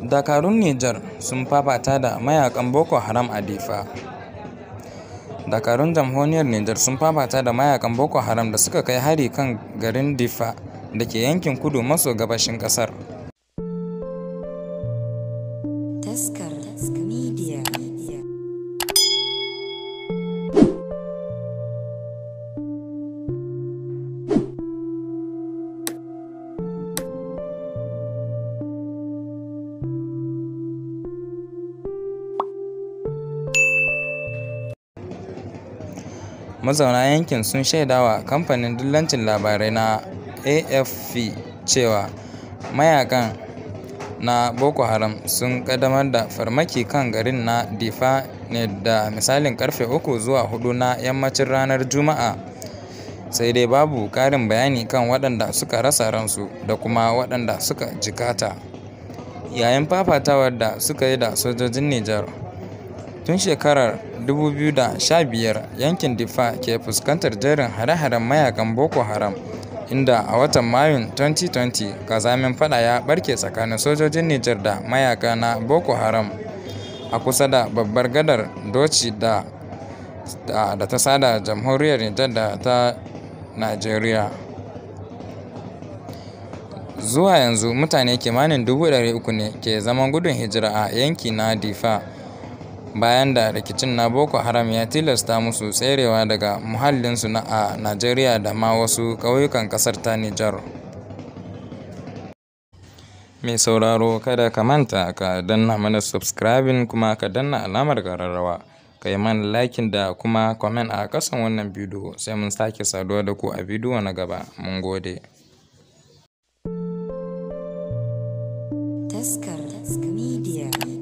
dakarun nijar sun fafata da mayakan boko haram a difa dakarun jamhuriyar nijar sun fafata da mayakan boko haram da suka kai hari kan garin difa da ke yankin kudu maso gabashin kasar taskar media Mazauna yankin sun shaidawa kamfanin dillancin labarai na AFP cewa mayakan na Boko Haram sun ƙaddamar da farmaki kan garin na Difa ne da misalin karfe 3 zuwa 4 na yammacin ranar Juma'a, sai dai babu karin bayani kan waɗanda suka rasa ransu da kuma waɗanda suka jikata yayin fafatawar da suka yi da sojojin Nijar. Tun shekarar 2015 yankin difa ke fuskantar jerin hare-haren mayakan Boko Haram, inda a watan Mayun 2020 kazamin fada ya barke tsakanin sojojin Nijar da mayaka na Boko Haram a kusa da babbar gadar Doci da da ta sada jamhuriyar Nijar da ta Najeriya. Zuwa yanzu mutane kimanin 300 ne ke zaman gudun hijira a yanki na difa bayan da rikicin na boko haram ya tilasta musu tserewa daga muhallinsu na a najeriya da ma wasu ƙauyukan ƙasar ta nijar mai sauraro kada ka manta ka danna mana subscribing kuma ka danna alamar gararrawa ka yi mana lakin da kuma comment a ƙasan wannan bidiyo sai mun sake saduwa da ku a bidiyo na gaba mun gode Taskar Media